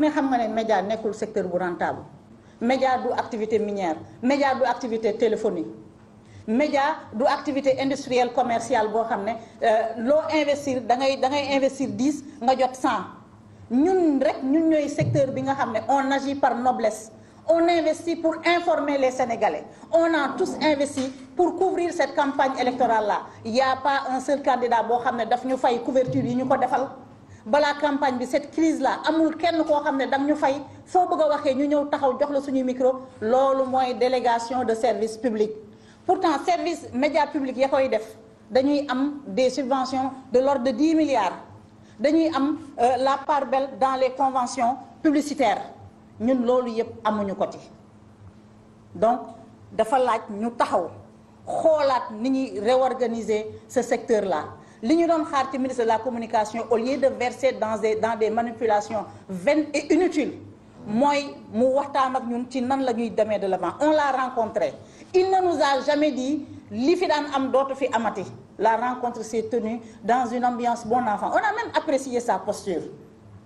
ne xam nga ne média nekkul secteur bu rentable média du activité minière média du activité téléphonique média du activité industrielle commercial boo xam ne euh, loo investir da ngay da ngay investir 10 nga jot 100 ñun rek ñun ñooy secteur bi nga xam ne on agit par noblesse on investit pour informer les Sénégalais. On a tous investi pour couvrir cette campagne électorale-là. Il n'y a pas un seul candidat qui a ñu une couverture. balaa campagne bi cette crise là amul kenn koo xam ne dang ñu fay foo bëgg a waxee ñu ñëw taxaw jox la suñu micro loolu mooy délégation de service public pourtant service média public ya koy def dañuy am des subventions de l'ordre de 10 milliards dañuy am euh, la part belle dans les conventions publicitaires ñun loolu yëpp amuñu ko ci donc dafa laaj ñu taxaw xoolaat ni ñuy réorganiser ce secteur là li ñu doon xaar ci ministre de la communication au lieu de verser dans des dans des manipulations vaines et inutiles mooy mu waxtaan ak ñun ci nan la ñuy demee de l'avant on l'a rencontré il ne nous a jamais dit li fi daan am dootu fi amati la rencontre s'est tenue dans une ambiance bon enfant on a même apprécié sa posture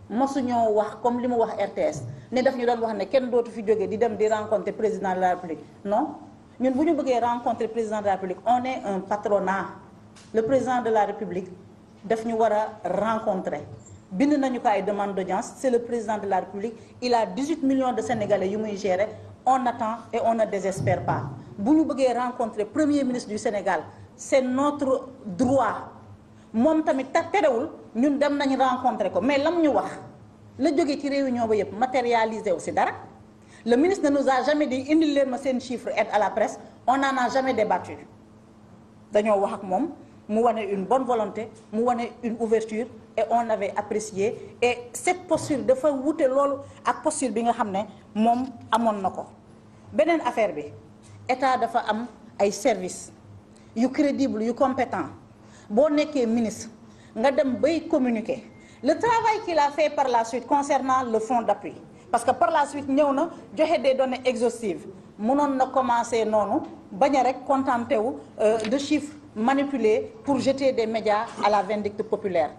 mosu ñoo wax comme li mu wax RTS ne daf ñu doon wax ne kenn dootu fi jóge di dem di rencontrer président de la République non ñun bu ñu bëggee rencontrer président de la République on est un le président de la république daf ñu war a rencontrer bind nañu ko ay demande d'audience c'est le président de la république il a 18 millions de sénégalais yu muy gérer on temps et on na désespère pas bu ñu bëggee rencontrer premier ministre du Sénégal c'est notre droit moom tamit ta terewul ñun dem nañu rencontrer ko mais lam ñu wax la jógee ci réunion ba yëpp matérialisé wu si dara le ministre ne nous a jamais dit indi leen ma seen chiffre aide à la presse on n'en a jamais débattu dañoo wax ak moom mu wane une bonne volonté mu wane une ouverture et on avait apprécié et cette posture dafa wute loolu ak posture bi nga xam ne moom amoon na ko beneen affaire bi état dafa am ay services yu crédible yu compétent boo nekkee ministre nga dem bay communiquer le travail qu'il a fait par la suite concernant le fonds d'appui parce que par la suite ñëw na joxe des données exhaustives mënoon na commencer noonu bañ rek contenté wu euh, de chiffres manipuler pour jeter des médias à la vindicte populaire